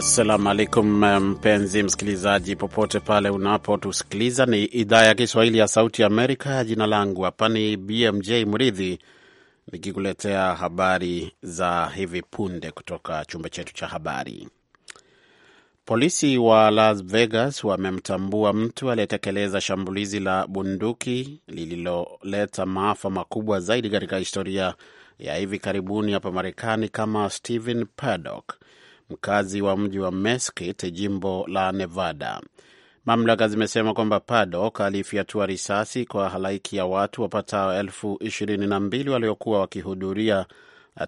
Assalamu alaikum, mpenzi msikilizaji, popote pale unapotusikiliza. Ni idhaa ya Kiswahili ya Sauti Amerika. Jina langu hapa ni BMJ Mridhi, nikikuletea habari za hivi punde kutoka chumba chetu cha habari. Polisi wa Las Vegas wamemtambua mtu aliyetekeleza shambulizi la bunduki lililoleta maafa makubwa zaidi katika historia ya hivi karibuni hapa Marekani kama Stephen Paddock mkazi wa mji wa Mesquite, jimbo la Nevada. Mamlaka zimesema kwamba Padok alifyatua risasi kwa halaiki ya watu wapatao elfu ishirini na mbili waliokuwa wakihudhuria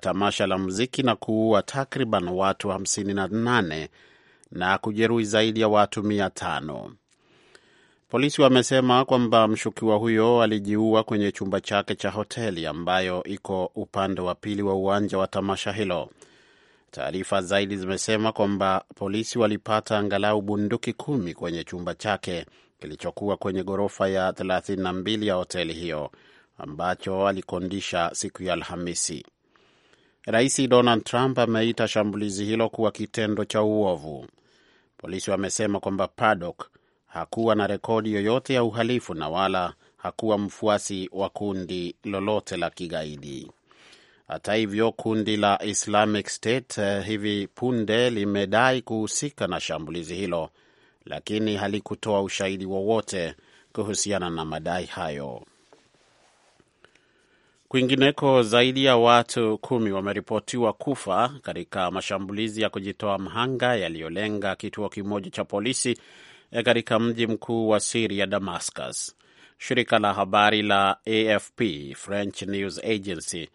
tamasha la muziki na kuua takriban watu 58 na kujeruhi zaidi ya watu mia tano. Polisi wamesema kwamba mshukiwa huyo alijiua kwenye chumba chake cha hoteli ambayo iko upande wa pili wa uwanja wa tamasha hilo. Taarifa zaidi zimesema kwamba polisi walipata angalau bunduki kumi kwenye chumba chake kilichokuwa kwenye ghorofa ya 32 ya hoteli hiyo ambacho alikondisha siku ya Alhamisi. Rais Donald Trump ameita shambulizi hilo kuwa kitendo cha uovu. Polisi wamesema kwamba Paddock hakuwa na rekodi yoyote ya uhalifu na wala hakuwa mfuasi wa kundi lolote la kigaidi. Hata hivyo, kundi la Islamic State eh, hivi punde limedai kuhusika na shambulizi hilo, lakini halikutoa ushahidi wowote kuhusiana na madai hayo. Kwingineko, zaidi ya watu kumi wameripotiwa kufa katika mashambulizi ya kujitoa mhanga yaliyolenga kituo kimoja cha polisi eh, katika mji mkuu wa Siria, Damascus. Shirika la habari la AFP, French News Agency,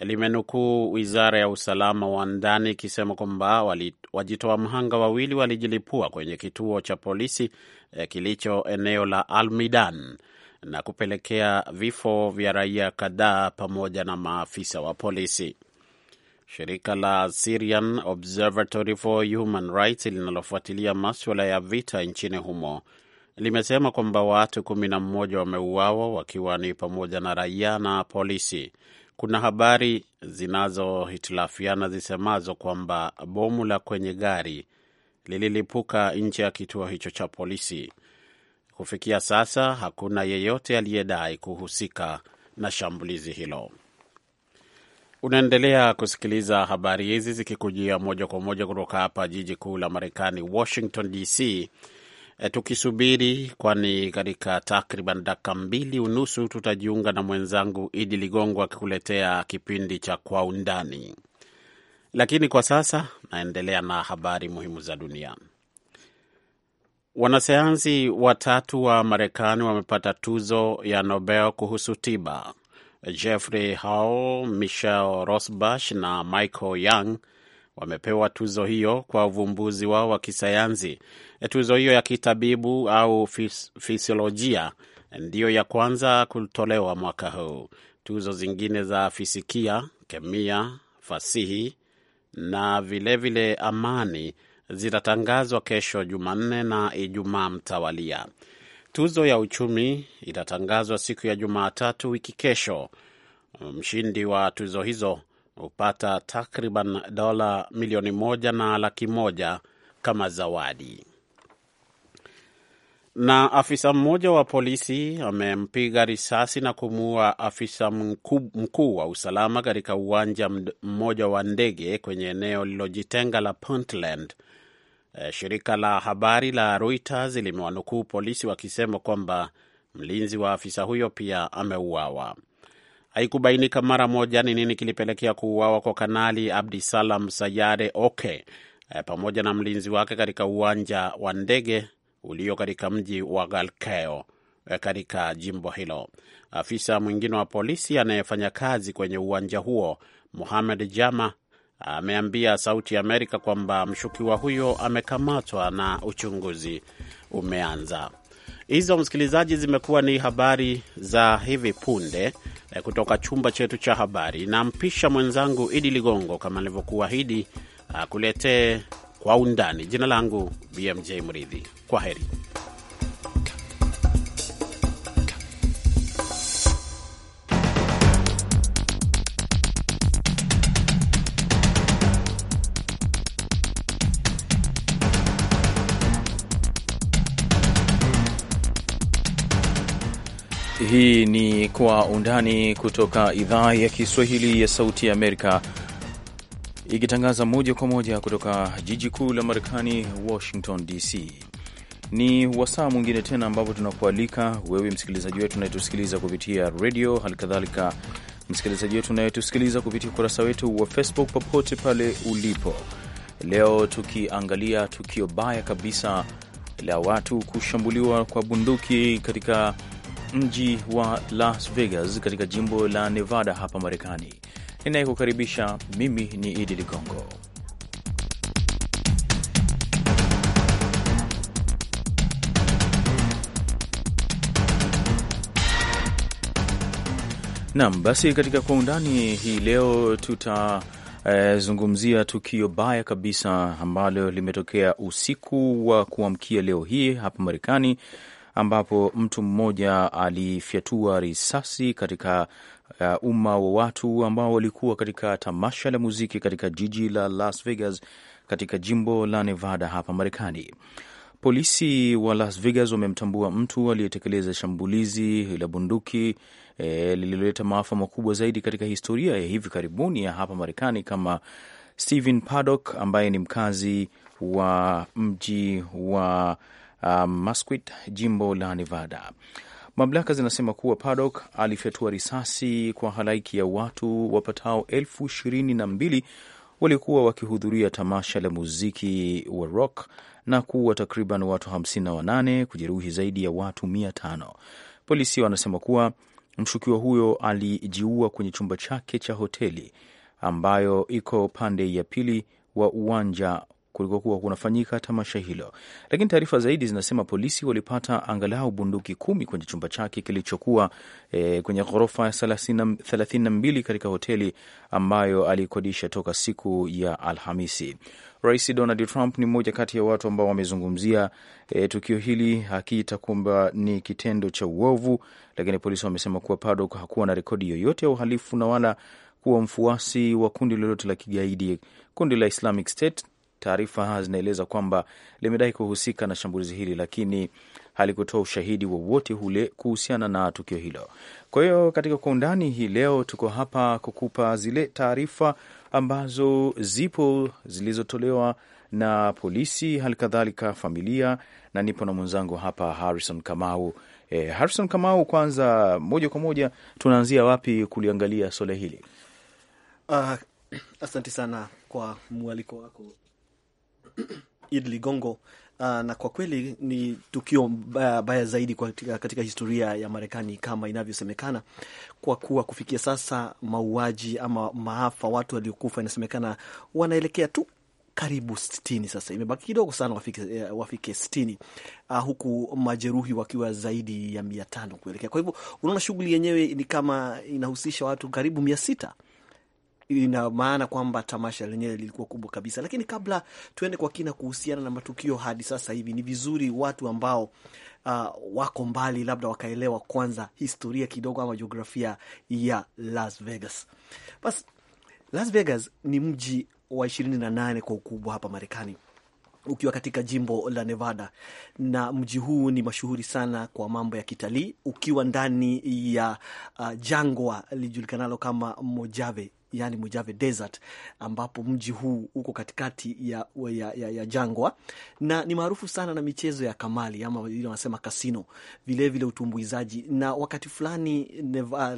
limenukuu wizara ya usalama wa ndani ikisema kwamba wajitoa mhanga wawili walijilipua kwenye kituo cha polisi eh, kilicho eneo la Almidan na kupelekea vifo vya raia kadhaa pamoja na maafisa wa polisi. Shirika la Syrian Observatory for Human Rights linalofuatilia maswala ya vita nchini humo limesema kwamba watu kumi na mmoja wameuawa wakiwa ni pamoja na raia na polisi. Kuna habari zinazohitilafiana zisemazo kwamba bomu la kwenye gari lililipuka nje ya kituo hicho cha polisi. Kufikia sasa hakuna yeyote aliyedai kuhusika na shambulizi hilo. Unaendelea kusikiliza habari hizi zikikujia moja kwa moja kutoka hapa jiji kuu la Marekani, Washington DC, e, tukisubiri, kwani katika takriban dakika mbili unusu tutajiunga na mwenzangu Idi Ligongo akikuletea kipindi cha Kwa Undani, lakini kwa sasa naendelea na habari muhimu za dunia. Wanasayansi watatu wa Marekani wamepata tuzo ya Nobel kuhusu tiba. Jeffrey Hall, Michel Rosbash na Michael Young wamepewa tuzo hiyo kwa uvumbuzi wao wa kisayansi. Tuzo hiyo ya kitabibu au fis fisiolojia ndiyo ya kwanza kutolewa mwaka huu. Tuzo zingine za fisikia, kemia, fasihi na vilevile vile amani zitatangazwa kesho Jumanne na Ijumaa mtawalia. Tuzo ya uchumi itatangazwa siku ya Jumatatu wiki kesho. Mshindi wa tuzo hizo hupata takriban dola milioni moja na laki moja kama zawadi. Na afisa mmoja wa polisi amempiga risasi na kumuua afisa mkuu, wa usalama katika uwanja mmoja wa ndege kwenye eneo lililojitenga la Puntland. E, shirika la habari la Reuters limewanukuu polisi wakisema kwamba mlinzi wa afisa huyo pia ameuawa haikubainika mara moja ni nini kilipelekea kuuawa kwa Kanali abdi salam Sayare Oke eh, pamoja na mlinzi wake katika uwanja wa ndege ulio katika mji wa Galkeo eh, katika jimbo hilo. Afisa mwingine wa polisi anayefanya kazi kwenye uwanja huo muhamed Jama ameambia Sauti ya Amerika kwamba mshukiwa huyo amekamatwa na uchunguzi umeanza. Hizo msikilizaji, zimekuwa ni habari za hivi punde. Eh, kutoka chumba chetu cha habari. Nampisha mwenzangu Idi Ligongo kama hidi akuletee ah, kwa undani. Jina langu BMJ Mridhi, kwa heri. Hii ni Kwa Undani kutoka idhaa ya Kiswahili ya Sauti ya Amerika, ikitangaza moja kwa moja kutoka jiji kuu la Marekani, Washington DC. Ni wasaa mwingine tena ambapo tunakualika wewe msikilizaji wetu unayetusikiliza kupitia redio, halikadhalika msikilizaji wetu unayetusikiliza kupitia ukurasa wetu wa Facebook, popote pale ulipo. Leo tukiangalia tukio baya kabisa la watu kushambuliwa kwa bunduki katika mji wa Las Vegas katika jimbo la Nevada hapa Marekani. Ninayekukaribisha mimi ni Idi Ligongo. Naam, basi katika kwa undani hii leo tuta E, zungumzia tukio baya kabisa ambalo limetokea usiku wa kuamkia leo hii hapa Marekani ambapo mtu mmoja alifyatua risasi katika uh, umma wa watu ambao walikuwa katika tamasha la muziki katika jiji la Las Vegas katika jimbo la Nevada hapa Marekani. Polisi wa Las Vegas wamemtambua mtu aliyetekeleza shambulizi la bunduki e, lililoleta maafa makubwa zaidi katika historia ya hivi karibuni ya hapa Marekani kama Stephen Paddock ambaye ni mkazi wa mji wa uh, um, Mesquite, jimbo la Nevada. Mamlaka zinasema kuwa Paddock alifyatua risasi kwa halaiki ya watu wapatao elfu ishirini na mbili waliokuwa wakihudhuria tamasha la muziki wa rock na kuua takriban watu 58 kujeruhi zaidi ya watu 500. Polisi wanasema kuwa mshukiwa huyo alijiua kwenye chumba chake cha hoteli ambayo iko pande ya pili wa uwanja kulikokuwa kunafanyika tamasha hilo. Lakini taarifa zaidi zinasema polisi walipata angalau bunduki kumi kwenye chumba chake kilichokuwa e, kwenye ghorofa thelathini na mbili katika hoteli ambayo alikodisha toka siku ya Alhamisi. Rais Donald Trump ni mmoja kati ya watu ambao wamezungumzia e, tukio hili akiita kwamba ni kitendo cha uovu, lakini polisi wamesema kuwa Paddock hakuwa na rekodi yoyote ya uhalifu na wala kuwa mfuasi wa kundi lolote la kigaidi. Kundi la Islamic State Taarifa zinaeleza kwamba limedai kuhusika na shambulizi hili, lakini halikutoa ushahidi wowote ule kuhusiana na tukio hilo. Kwa hiyo katika kwa undani hii leo tuko hapa kukupa zile taarifa ambazo zipo zilizotolewa na polisi, hali kadhalika familia, na nipo na mwenzangu hapa Harrison Kamau. E, Harrison Kamau, kwanza moja kwa moja tunaanzia wapi kuliangalia swala hili? Uh, asante sana kwa mwaliko wako Idi Ligongo. Uh, na kwa kweli ni tukio baya, uh, baya zaidi katika, katika historia ya Marekani kama inavyosemekana, kwa kuwa kufikia sasa mauaji ama maafa, watu waliokufa inasemekana wanaelekea tu karibu sitini. Sasa imebaki kidogo sana wafike, uh, wafike sitini, uh, huku majeruhi wakiwa zaidi ya mia tano kuelekea. Kwa hivyo unaona shughuli yenyewe ni kama inahusisha watu karibu mia sita ina maana kwamba tamasha lenyewe lilikuwa kubwa kabisa. Lakini kabla tuende kwa kina kuhusiana na matukio hadi sasa hivi, ni vizuri watu ambao uh, wako mbali labda wakaelewa kwanza historia kidogo ama jiografia ya Las Vegas. Bas, Las Vegas ni mji wa ishirini na nane kwa ukubwa hapa Marekani ukiwa katika jimbo la Nevada, na mji huu ni mashuhuri sana kwa mambo ya kitalii, ukiwa ndani ya uh, jangwa lijulikanalo kama Mojave yani Mojave Desert, ambapo mji huu uko katikati ya, ya, ya, ya jangwa na ni maarufu sana na michezo ya kamali ama ile wanasema kasino, vilevile utumbuizaji. Na wakati fulani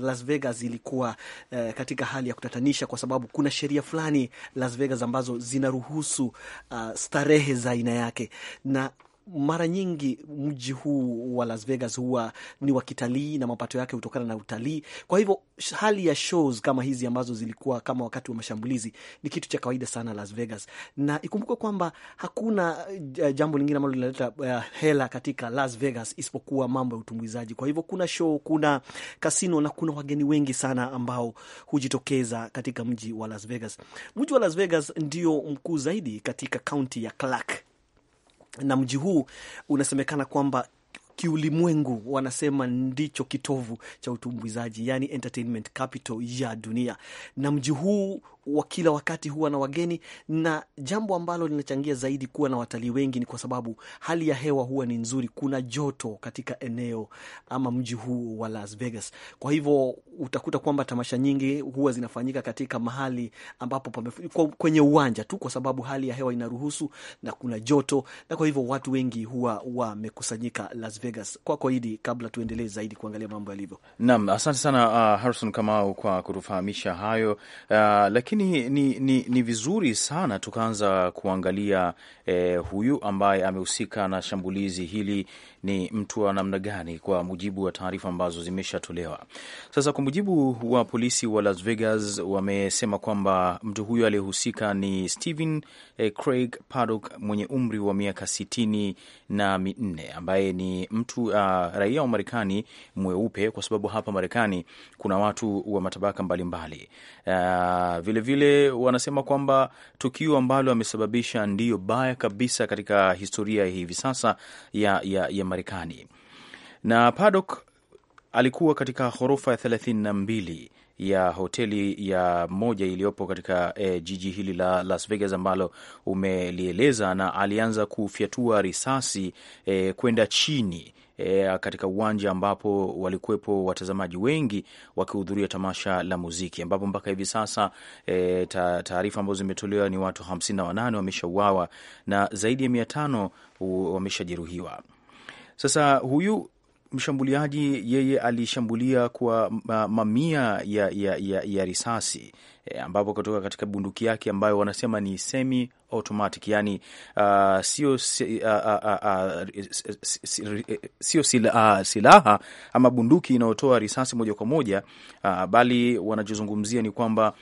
Las Vegas ilikuwa eh, katika hali ya kutatanisha, kwa sababu kuna sheria fulani Las Vegas ambazo zinaruhusu uh, starehe za aina yake na mara nyingi mji huu wa Las Vegas huwa ni wa kitalii na mapato yake hutokana na utalii. Kwa hivyo hali ya shows kama hizi ambazo zilikuwa kama wakati wa mashambulizi ni kitu cha kawaida sana Las Vegas, na ikumbuke kwamba hakuna jambo lingine ambalo linaleta uh, hela katika Las Vegas isipokuwa mambo ya utumbuizaji. Kwa hivyo kuna show, kuna kasino na kuna wageni wengi sana ambao hujitokeza katika mji wa Las Vegas. Mji wa Las Vegas ndio mkuu zaidi katika kaunti ya Clark na mji huu unasemekana kwamba kiulimwengu wanasema ndicho kitovu cha utumbuizaji, yani entertainment capital ya dunia, na mji huu wa kila wakati huwa na wageni, na jambo ambalo linachangia zaidi kuwa na watalii wengi ni kwa sababu hali ya hewa huwa ni nzuri. Kuna joto katika eneo ama mji huu wa Las Vegas, kwa hivyo utakuta kwamba tamasha nyingi huwa zinafanyika katika mahali ambapo kwenye uwanja tu, kwa sababu hali ya hewa inaruhusu na kuna joto, na kwa hivyo watu wengi huwa wamekusanyika Las Vegas. Kwako kwa Idi, kabla tuendelee zaidi kuangalia mambo yalivyo. Naam, asante sana uh, Harrison Kamau kwa kutufahamisha hayo uh, lakini lakini ni, ni, ni vizuri sana tukaanza kuangalia eh, huyu ambaye amehusika na shambulizi hili ni mtu wa namna gani, kwa mujibu wa taarifa ambazo zimeshatolewa. Sasa, kwa mujibu wa polisi wa Las Vegas, wamesema kwamba mtu huyo aliyehusika ni Stephen eh, Craig Paddock mwenye umri wa miaka sitini na minne ambaye ni mtu uh, raia wa Marekani mweupe, kwa sababu hapa Marekani kuna watu wa matabaka mbalimbali vilevile. Ah, uh, vile wanasema kwamba tukio ambalo amesababisha ndiyo baya kabisa katika historia hivi sasa ya, ya, ya Marekani. Na Paddock alikuwa katika ghorofa ya thelathini na mbili ya hoteli ya moja iliyopo katika eh, jiji hili la Las Vegas ambalo umelieleza, na alianza kufyatua risasi eh, kwenda chini eh, katika uwanja ambapo walikuwepo watazamaji wengi wakihudhuria tamasha la muziki, ambapo mpaka hivi sasa eh, taarifa ambazo zimetolewa ni watu hamsini na wanane wameshauawa na zaidi ya mia tano wameshajeruhiwa. Sasa huyu mshambuliaji yeye alishambulia kwa mamia ya, ya, ya, ya risasi e, ambapo kutoka katika bunduki yake ambayo wanasema ni semi automatic, yani uh, sio uh, uh, silaha ama bunduki inayotoa risasi moja kwa moja uh, bali wanachozungumzia ni kwamba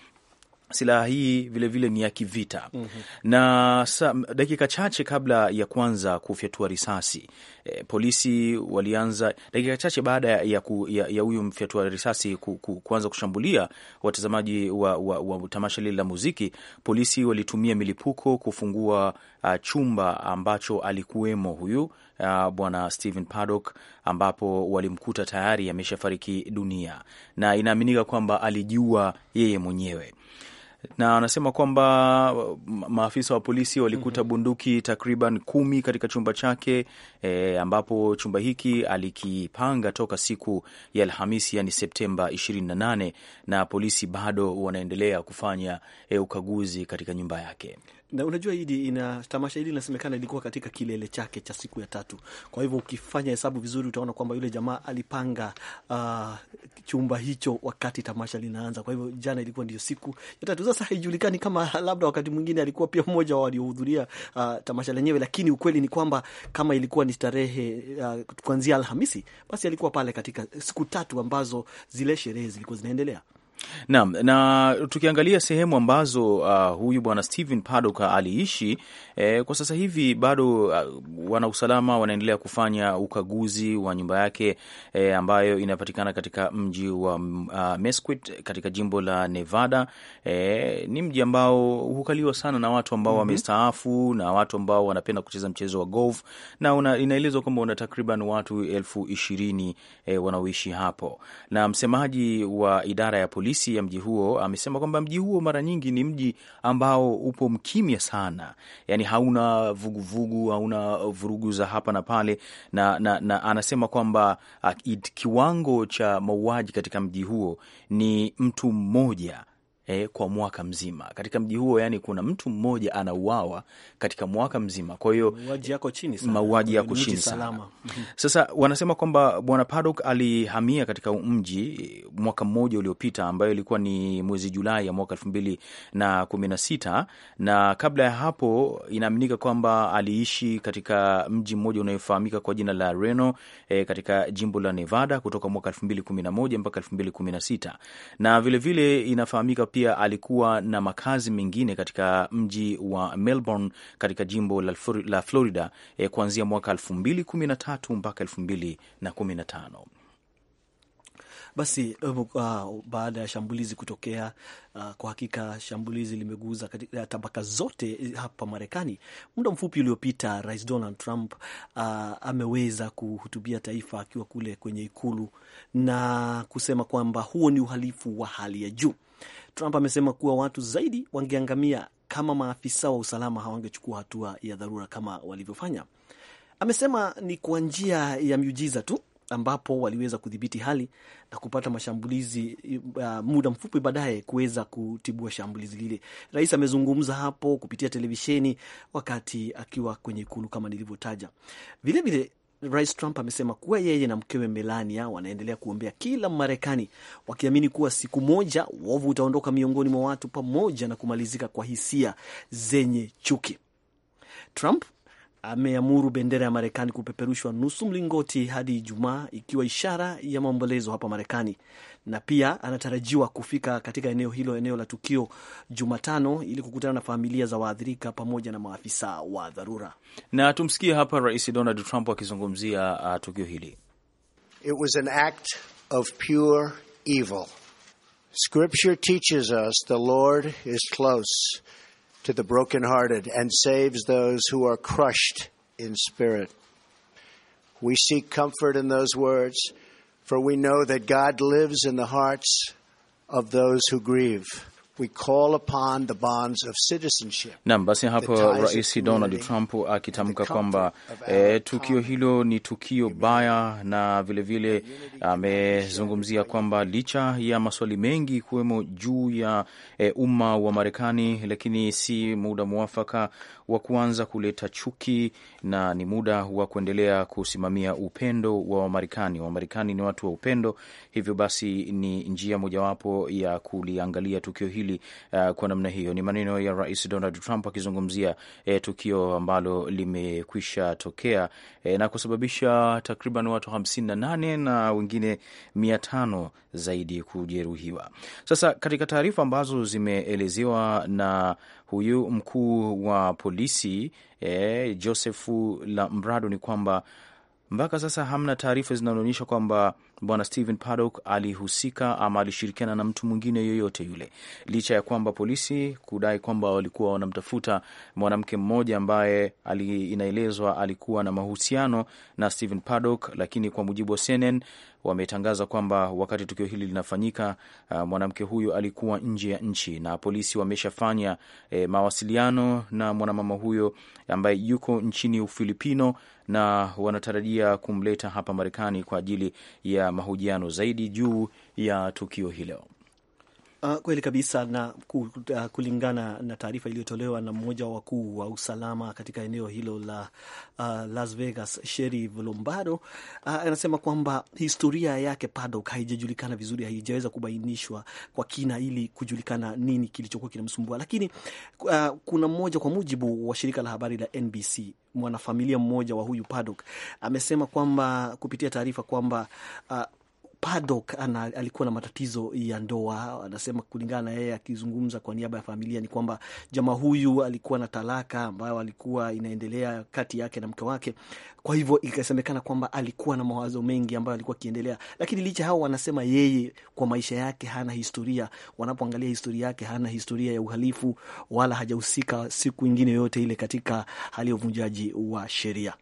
silaha hii vilevile vile ni ya kivita mm -hmm. Na sa, dakika chache kabla ya kuanza kufyatua risasi e, polisi walianza dakika chache baada ya huyu ya, ya mfyatua risasi ku, ku, kuanza kushambulia watazamaji wa, wa, wa tamasha lile la muziki, polisi walitumia milipuko kufungua a, chumba ambacho alikuwemo huyu Bwana Stephen Paddock ambapo walimkuta tayari ameshafariki dunia na inaaminika kwamba alijua yeye mwenyewe na anasema kwamba maafisa wa polisi walikuta mhm. bunduki takriban kumi katika chumba chake e, ambapo chumba hiki alikipanga toka siku ya Alhamisi, yani Septemba 28 na polisi bado wanaendelea kufanya e, ukaguzi katika nyumba yake na unajua hili ina tamasha hili linasemekana ilikuwa katika kilele chake cha siku ya tatu. Kwa hivyo ukifanya hesabu vizuri, utaona kwamba yule jamaa alipanga uh, chumba hicho wakati tamasha linaanza. Kwa hivyo jana ilikuwa ndio siku ya tatu. Sasa haijulikani kama labda wakati mwingine alikuwa pia mmoja wa waliohudhuria uh, tamasha lenyewe, lakini ukweli ni kwamba kama ilikuwa ni tarehe uh, kuanzia Alhamisi, basi alikuwa pale katika siku tatu ambazo zile sherehe zilikuwa zinaendelea. Naam, na tukiangalia sehemu ambazo uh, huyu bwana Stephen Paddock aliishi eh, kwa sasa hivi bado uh, wanausalama wanaendelea kufanya ukaguzi wa nyumba yake eh, ambayo inapatikana katika mji wa uh, Mesquite katika jimbo la Nevada. Eh, ni mji ambao hukaliwa sana na watu ambao mhm. wamestaafu mm -hmm. na watu ambao wanapenda kucheza mchezo wa golf na inaelezwa kwamba una takriban watu elfu ishirini eh, wanaoishi hapo, na msemaji wa idara ya polisi polisi ya mji huo amesema kwamba mji huo mara nyingi ni mji ambao upo mkimya sana, yani hauna vuguvugu vugu, hauna vurugu za hapa na pale na, na, na anasema kwamba uh, kiwango cha mauaji katika mji huo ni mtu mmoja eh, kwa mwaka mzima katika mji huo. Yani kuna mtu mmoja anauawa katika mwaka mzima, kwa hiyo mauaji yako chini sana, mauaji yako chini sana. Sasa wanasema kwamba bwana Paddock alihamia katika mji mwaka mmoja uliopita, ambayo ilikuwa ni mwezi Julai ya mwaka elfu mbili na kumi na sita na kabla ya hapo inaaminika kwamba aliishi katika mji mmoja unayofahamika kwa jina la Reno eh, katika jimbo la Nevada kutoka mwaka elfu mbili kumi na moja mpaka elfu mbili kumi na sita na vilevile inafahamika pia alikuwa na makazi mengine katika mji wa Melbourne katika jimbo la Florida eh, kuanzia mwaka e213 mpaka el215 basi uh, baada ya shambulizi kutokea uh, kwa hakika shambulizi limeguza katika eh, tabaka zote eh, hapa Marekani. Muda mfupi uliopita, Rais Donald Trump uh, ameweza kuhutubia taifa akiwa kule kwenye ikulu na kusema kwamba huo ni uhalifu wa hali ya juu. Trump amesema kuwa watu zaidi wangeangamia kama maafisa wa usalama hawangechukua hatua ya dharura kama walivyofanya. Amesema ni kwa njia ya miujiza tu ambapo waliweza kudhibiti hali na kupata mashambulizi uh, muda mfupi baadaye kuweza kutibua shambulizi lile. Rais amezungumza hapo kupitia televisheni wakati akiwa kwenye ikulu kama nilivyotaja. Vilevile Rais Trump amesema kuwa yeye na mkewe Melania wanaendelea kuombea kila Marekani, wakiamini kuwa siku moja uovu utaondoka miongoni mwa watu pamoja na kumalizika kwa hisia zenye chuki. Trump ameamuru bendera ya Marekani kupeperushwa nusu mlingoti hadi Ijumaa, ikiwa ishara ya maombolezo hapa Marekani, na pia anatarajiwa kufika katika eneo hilo, eneo la tukio, Jumatano ili kukutana na familia za waathirika pamoja na maafisa wa dharura. Na tumsikie hapa Rais Donald Trump akizungumzia uh, tukio hili. It was an act of pure evil. Scripture teaches us the Lord is close to the brokenhearted and saves those who are crushed in spirit. We seek comfort in those words, for we know that God lives in the hearts of those who grieve. We call upon the bonds of citizenship. Naam, basi hapo Rais Donald Trump akitamka kwamba e, tukio hilo ni tukio baya, na vilevile amezungumzia kwamba licha ya maswali mengi ikiwemo juu ya e, umma wa Marekani, lakini si muda mwafaka wa kuanza kuleta chuki na ni muda wa kuendelea kusimamia upendo wa Wamarekani. Wamarekani ni watu wa upendo, hivyo basi ni njia mojawapo ya kuliangalia tukio hili uh, kwa namna hiyo. Ni maneno ya Rais Donald Trump akizungumzia eh, tukio ambalo limekwisha tokea eh, na kusababisha takriban watu 58 na na wengine mia zaidi kujeruhiwa. Sasa katika taarifa ambazo zimeelezewa na huyu mkuu wa polisi e, Joseph Lambrado ni kwamba mpaka sasa hamna taarifa zinazoonyesha kwamba bwana Stephen Paddock alihusika ama alishirikiana na mtu mwingine yoyote yule, licha ya kwamba polisi kudai kwamba walikuwa wanamtafuta mwanamke mmoja ambaye inaelezwa alikuwa na mahusiano na Stephen Paddock, lakini kwa mujibu wa CNN wametangaza kwamba wakati tukio hili linafanyika, uh, mwanamke huyo alikuwa nje ya nchi na polisi wameshafanya eh, mawasiliano na mwanamama huyo ambaye yuko nchini Ufilipino na wanatarajia kumleta hapa Marekani kwa ajili ya mahojiano zaidi juu ya tukio hilo. Uh, kweli kabisa na uh, kulingana na taarifa iliyotolewa na mmoja wa wakuu wa usalama katika eneo hilo la uh, Las Vegas, Sheriff Lombardo anasema uh, kwamba historia yake Paddock haijajulikana vizuri, haijaweza kubainishwa kwa kina ili kujulikana nini kilichokuwa kinamsumbua, lakini uh, kuna mmoja, kwa mujibu wa shirika la habari la NBC, mwanafamilia mmoja wa huyu Paddock amesema kwamba kupitia taarifa kwamba uh, Paddock ana, alikuwa na matatizo ya ndoa. Anasema kulingana na yeye, akizungumza kwa niaba ya familia, ni kwamba jamaa huyu alikuwa na talaka ambayo alikuwa inaendelea kati yake na mke wake. Kwa hivyo ikasemekana kwamba alikuwa na mawazo mengi ambayo alikuwa akiendelea, lakini licha hao, wanasema yeye kwa maisha yake hana historia. Wanapoangalia historia yake, hana historia ya uhalifu wala hajahusika siku ingine yoyote ile katika hali ya uvunjaji wa sheria.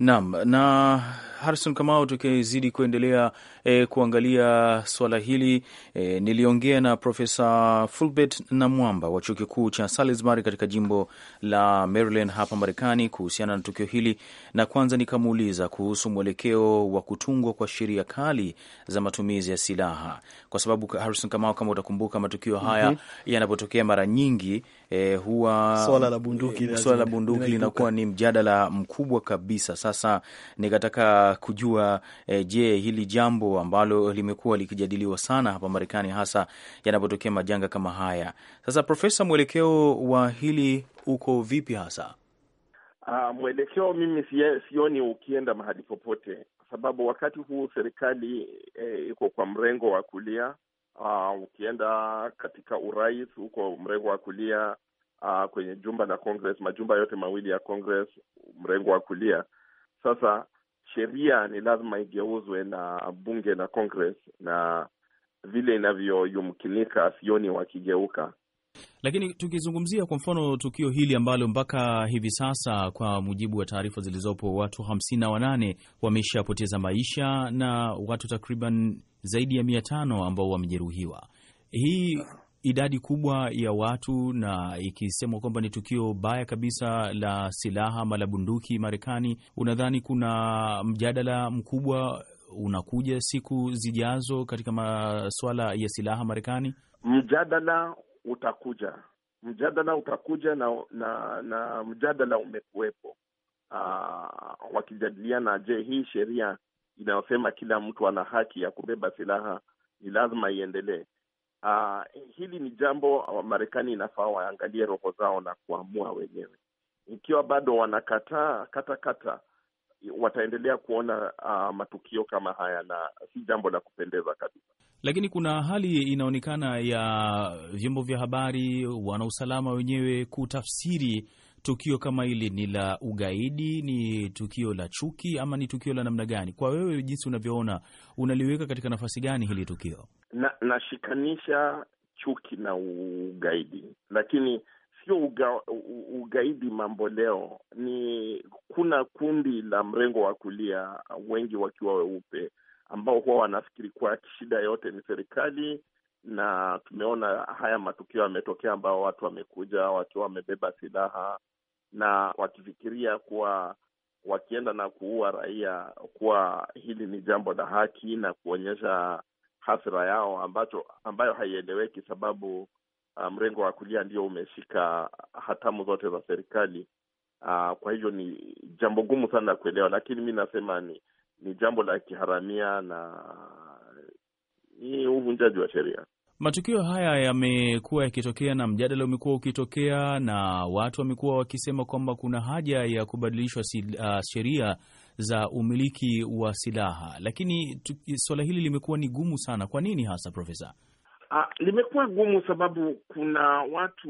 Naam, na Harison Kamau, tukizidi kuendelea e, kuangalia swala hili e, niliongea na Profesa Fulbert Namwamba wa chuo kikuu cha Salisbury katika jimbo la Maryland hapa Marekani kuhusiana na tukio hili, na kwanza nikamuuliza kuhusu mwelekeo wa kutungwa kwa sheria kali za matumizi ya silaha, kwa sababu Harison Kamau, kama utakumbuka matukio haya mm -hmm. yanapotokea mara nyingi eh, huwa swala la bunduki, eh, swala la bunduki linakuwa ni mjadala mkubwa kabisa. Sasa nikataka kujua eh, je, hili jambo ambalo limekuwa likijadiliwa sana hapa Marekani hasa yanapotokea majanga kama haya. Sasa Profesa, mwelekeo wa hili uko vipi hasa? Uh, mwelekeo mimi sioni ukienda mahali popote, kwa sababu wakati huu serikali eh, iko eh, kwa mrengo wa kulia Uh, ukienda katika urais huko mrengo wa kulia uh, kwenye jumba la Congress, majumba yote mawili ya Congress mrengo wa kulia. Sasa sheria ni lazima igeuzwe na bunge la Congress, na vile inavyoyumkinika sioni wakigeuka lakini tukizungumzia kwa mfano tukio hili ambalo mpaka hivi sasa kwa mujibu wa taarifa zilizopo watu hamsini na wanane wameshapoteza maisha na watu takriban zaidi ya mia tano ambao wamejeruhiwa, hii idadi kubwa ya watu na ikisemwa kwamba ni tukio baya kabisa la silaha ama la bunduki Marekani, unadhani kuna mjadala mkubwa unakuja siku zijazo katika masuala ya silaha Marekani? Mjadala utakuja, mjadala utakuja na na, na mjadala umekuwepo ah, wakijadiliana, je, hii sheria inayosema kila mtu ana haki ya kubeba silaha ni lazima iendelee? Uh, hili ni jambo Marekani inafaa waangalie roho zao na kuamua wenyewe. Ikiwa bado wanakataa katakata wataendelea kuona uh, matukio kama haya na si jambo la kupendeza kabisa. Lakini kuna hali inaonekana ya vyombo vya habari, wanausalama wenyewe kutafsiri tukio kama hili ni la ugaidi, ni tukio la chuki, ama ni tukio la namna gani? Kwa wewe, jinsi unavyoona, unaliweka katika nafasi gani hili tukio? Na nashikanisha chuki na ugaidi, lakini sio uga, ugaidi mambo leo ni kuna kundi la mrengo wa kulia, wengi wakiwa weupe, ambao huwa wanafikiri kuwa shida yote ni serikali, na tumeona haya matukio yametokea, ambao watu wamekuja wakiwa wamebeba silaha na wakifikiria kuwa wakienda na kuua raia kuwa hili ni jambo la haki na kuonyesha hasira yao ambacho ambayo haieleweki, sababu Ah, mrengo wa kulia ndio umeshika hatamu zote za serikali. Uh, kwa hivyo ni jambo gumu sana kuelewa, lakini mi nasema ni ni jambo la kiharamia na ni uvunjaji wa sheria. Matukio haya yamekuwa yakitokea na mjadala umekuwa ukitokea na watu wamekuwa wakisema kwamba kuna haja ya kubadilishwa uh, sheria za umiliki wa silaha, lakini suala hili limekuwa ni gumu sana. Kwa nini hasa, Profesa? Uh, limekuwa gumu sababu kuna watu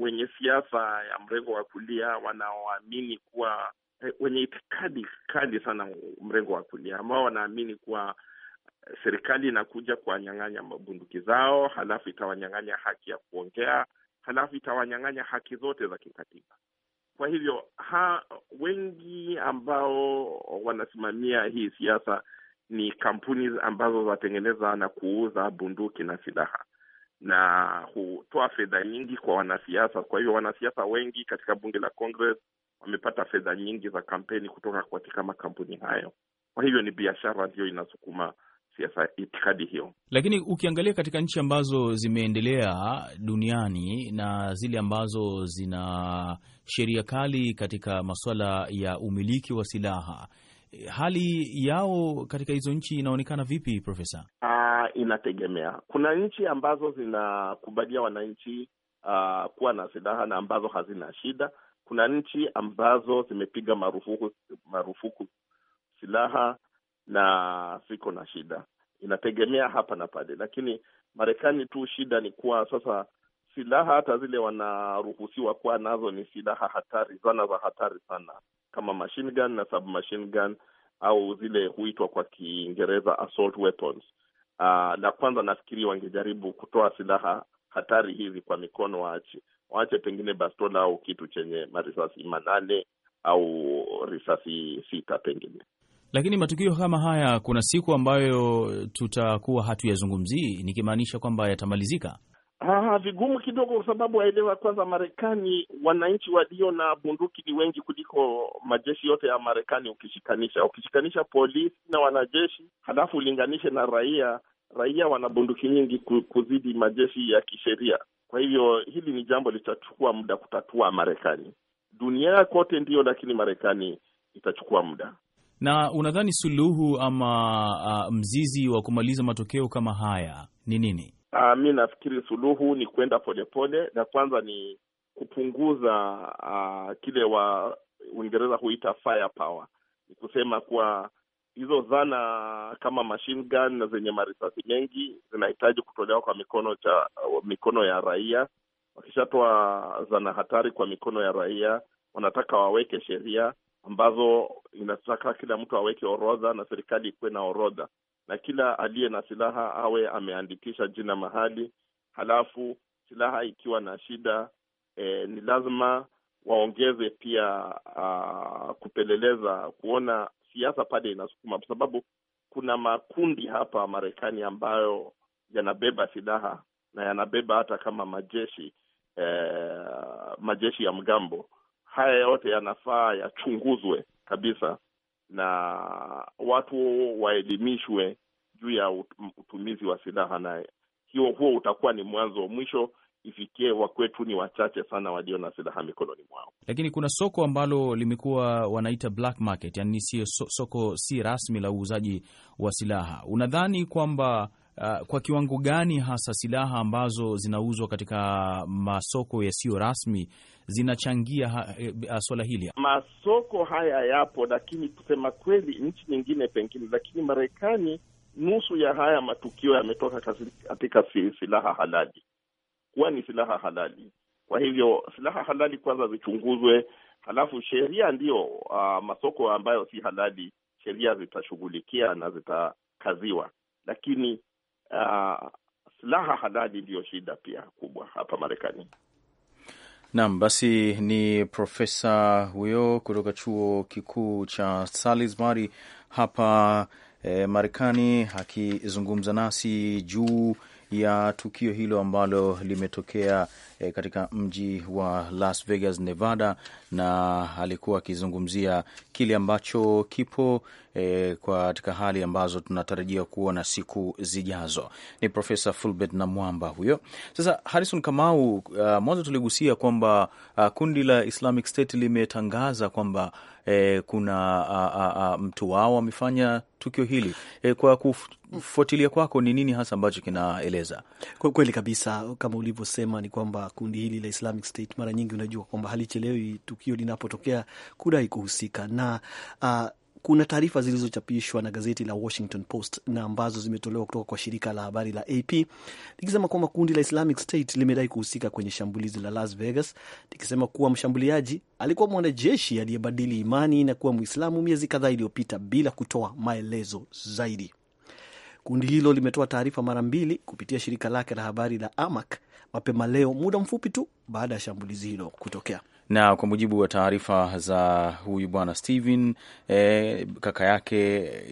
wenye siasa ya mrengo wa kulia wanaoamini kuwa eh, wenye itikadi kali sana mrengo wa kulia ambao wanaamini kuwa eh, serikali inakuja kuwanyang'anya mabunduki zao, halafu itawanyang'anya haki ya kuongea, halafu itawanyang'anya haki zote za kikatiba. Kwa hivyo ha, wengi ambao wanasimamia hii siasa ni kampuni ambazo zatengeneza na kuuza bunduki na silaha na hutoa fedha nyingi kwa wanasiasa. Kwa hivyo wanasiasa wengi katika bunge la Congress wamepata fedha nyingi za kampeni kutoka katika makampuni hayo. Kwa hivyo ni biashara ndiyo inasukuma siasa, itikadi hiyo. Lakini ukiangalia katika nchi ambazo zimeendelea duniani na zile ambazo zina sheria kali katika masuala ya umiliki wa silaha hali yao katika hizo nchi inaonekana vipi, Profesa? Uh, inategemea. Kuna nchi ambazo zinakubalia wananchi uh, kuwa na silaha na ambazo hazina shida. Kuna nchi ambazo zimepiga marufuku marufuku silaha na ziko na shida. Inategemea hapa na pale, lakini Marekani tu shida ni kuwa sasa silaha hata zile wanaruhusiwa kuwa nazo ni silaha hatari, zana za hatari sana kama machine gun na submachine gun au zile huitwa kwa Kiingereza assault weapons. Uh, la kwanza nafikiri wangejaribu kutoa silaha hatari hizi kwa mikono, waache waache pengine bastola au kitu chenye marisasi manane au risasi sita pengine. Lakini matukio kama haya kuna siku ambayo tutakuwa hatuyazungumzii, nikimaanisha kwamba yatamalizika. Ah, vigumu kidogo kwa sababu waelewa kwanza, Marekani wananchi walio na bunduki ni wengi kuliko majeshi yote ya Marekani ukishikanisha ukishikanisha polisi na wanajeshi, halafu ulinganishe na raia. Raia wana bunduki nyingi kuzidi majeshi ya kisheria. Kwa hivyo hili ni jambo litachukua muda kutatua Marekani. Dunia kote ndiyo, lakini Marekani itachukua muda. Na unadhani suluhu ama uh, mzizi wa kumaliza matokeo kama haya ni nini? Uh, mi nafikiri suluhu ni kuenda polepole, na kwanza ni kupunguza uh, kile wa Uingereza huita firepower, ni kusema kuwa hizo zana kama machine gun na zenye marisasi mengi zinahitaji kutolewa kwa mikono cha mikono ya raia. Wakishatoa zana hatari kwa mikono ya raia, wanataka waweke sheria ambazo inataka kila mtu aweke orodha na serikali ikuwe na orodha na kila aliye na silaha awe ameandikisha jina mahali. Halafu silaha ikiwa na shida e, ni lazima waongeze pia a, ah, kupeleleza kuona siasa pale inasukuma, kwa sababu kuna makundi hapa Marekani ambayo yanabeba silaha na yanabeba hata kama majeshi e, majeshi ya mgambo. Haya yote yanafaa yachunguzwe kabisa na watu waelimishwe juu ya utumizi wa silaha, na hiyo huo utakuwa ni mwanzo wa mwisho ifikie wakwetu ni wachache sana walio na silaha mikononi mwao. Lakini kuna soko ambalo limekuwa wanaita black market, yani sio soko si rasmi la uuzaji wa silaha. Unadhani kwamba Uh, kwa kiwango gani hasa silaha ambazo zinauzwa katika masoko yasiyo rasmi zinachangia ha, eh, uh, swala hili? Masoko haya yapo, lakini kusema kweli, nchi nyingine pengine, lakini Marekani nusu ya haya matukio yametoka katika silaha halali, kuwa ni silaha halali. Kwa hivyo silaha halali kwanza zichunguzwe, halafu sheria ndiyo, uh, masoko ambayo si halali sheria zitashughulikia na zitakaziwa, lakini uh, silaha halali ndiyo shida pia kubwa hapa Marekani. Naam, basi ni profesa huyo kutoka chuo kikuu cha Salisbury hapa eh, Marekani akizungumza nasi juu ya tukio hilo ambalo limetokea e, katika mji wa Las Vegas, Nevada, na alikuwa akizungumzia kile ambacho kipo e, katika hali ambazo tunatarajia kuona siku zijazo. Ni Profesa Fulbert na Mwamba huyo. Sasa Harrison Kamau, uh, mwanzo tuligusia kwamba uh, kundi la Islamic State limetangaza kwamba e, kuna a, a, a, mtu wao amefanya tukio hili e, kwa kufuatilia kwako ni nini hasa ambacho kinaeleza? Kweli kabisa, kama ulivyosema ni kwamba kundi hili la Islamic State mara nyingi unajua kwamba halichelewi tukio linapotokea kudai kuhusika na uh, kuna taarifa zilizochapishwa na gazeti la Washington Post na ambazo zimetolewa kutoka kwa shirika la habari la AP likisema kwamba kundi la Islamic State limedai kuhusika kwenye shambulizi la Las Vegas likisema kuwa mshambuliaji alikuwa mwanajeshi aliyebadili imani na kuwa Mwislamu miezi kadhaa iliyopita bila kutoa maelezo zaidi. Kundi hilo limetoa taarifa mara mbili kupitia shirika lake la habari la amac mapema leo, muda mfupi tu baada ya shambulizi hilo kutokea na kwa mujibu wa taarifa za huyu bwana Steven e, kaka yake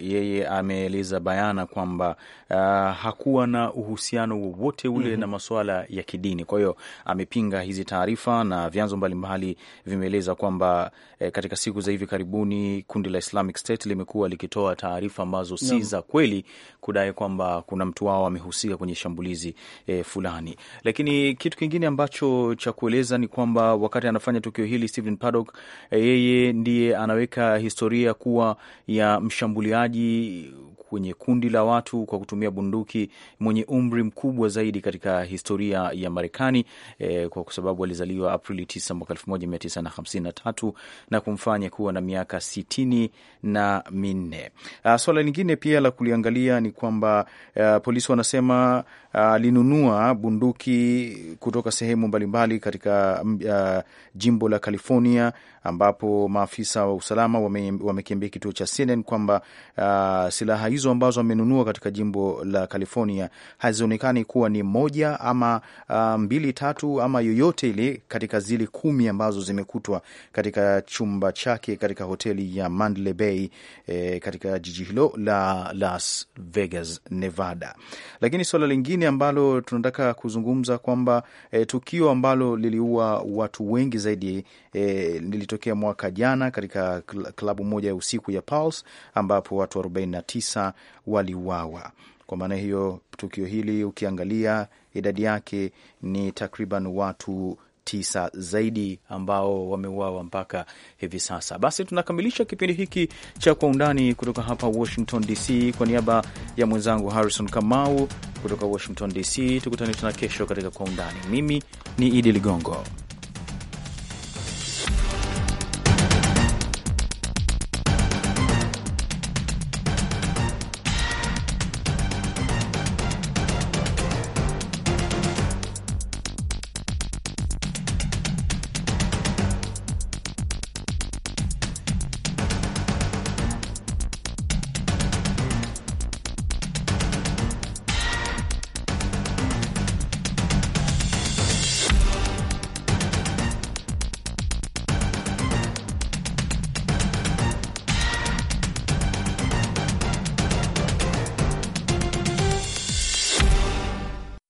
yeye ameeleza bayana kwamba uh, hakuwa na uhusiano wowote ule mm -hmm. na masuala ya kidini. Kwa hiyo amepinga hizi taarifa na vyanzo mbalimbali vimeeleza kwamba e, katika siku za hivi karibuni kundi la Islamic State limekuwa likitoa taarifa ambazo si za kweli kudai kwamba kuna mtu wao amehusika kwenye shambulizi e, fulani. Lakini kitu kingine ambacho cha kueleza ni kwamba wakati anafanya tukio hili Stephen Paddock, eh, yeye ndiye anaweka historia kuwa ya mshambuliaji kwenye kundi la watu kwa kutumia bunduki mwenye umri mkubwa zaidi katika historia ya Marekani eh, kwa sababu alizaliwa Aprili 9 mwaka 1953 na kumfanya kuwa na miaka sitini na minne. Uh, swala lingine pia la kuliangalia ni kwamba uh, polisi wanasema alinunua ah, uh, bunduki kutoka sehemu mbalimbali katika uh, jimbo la California ambapo maafisa wa usalama wamekiambia wame kituo cha CNN kwamba uh, silaha hizo hizo ambazo amenunua katika jimbo la California hazionekani kuwa ni moja ama uh, mbili tatu ama yoyote ile katika zile kumi ambazo zimekutwa katika chumba chake katika hoteli ya Mandalay Bay eh, katika jiji hilo la Las Vegas, Nevada. Lakini suala lingine ambalo tunataka kuzungumza kwamba eh, tukio ambalo liliua watu wengi zaidi eh, lilitokea mwaka jana katika klabu moja ya usiku ya Pulse ambapo watu 49 sita waliuawa. Kwa maana hiyo, tukio hili ukiangalia idadi yake ni takriban watu tisa zaidi ambao wameuawa mpaka hivi sasa. Basi tunakamilisha kipindi hiki cha Kwa Undani kutoka hapa Washington DC. Kwa niaba ya mwenzangu Harrison Kamau kutoka Washington DC, tukutane tena kesho katika Kwa Undani. Mimi ni Idi Ligongo.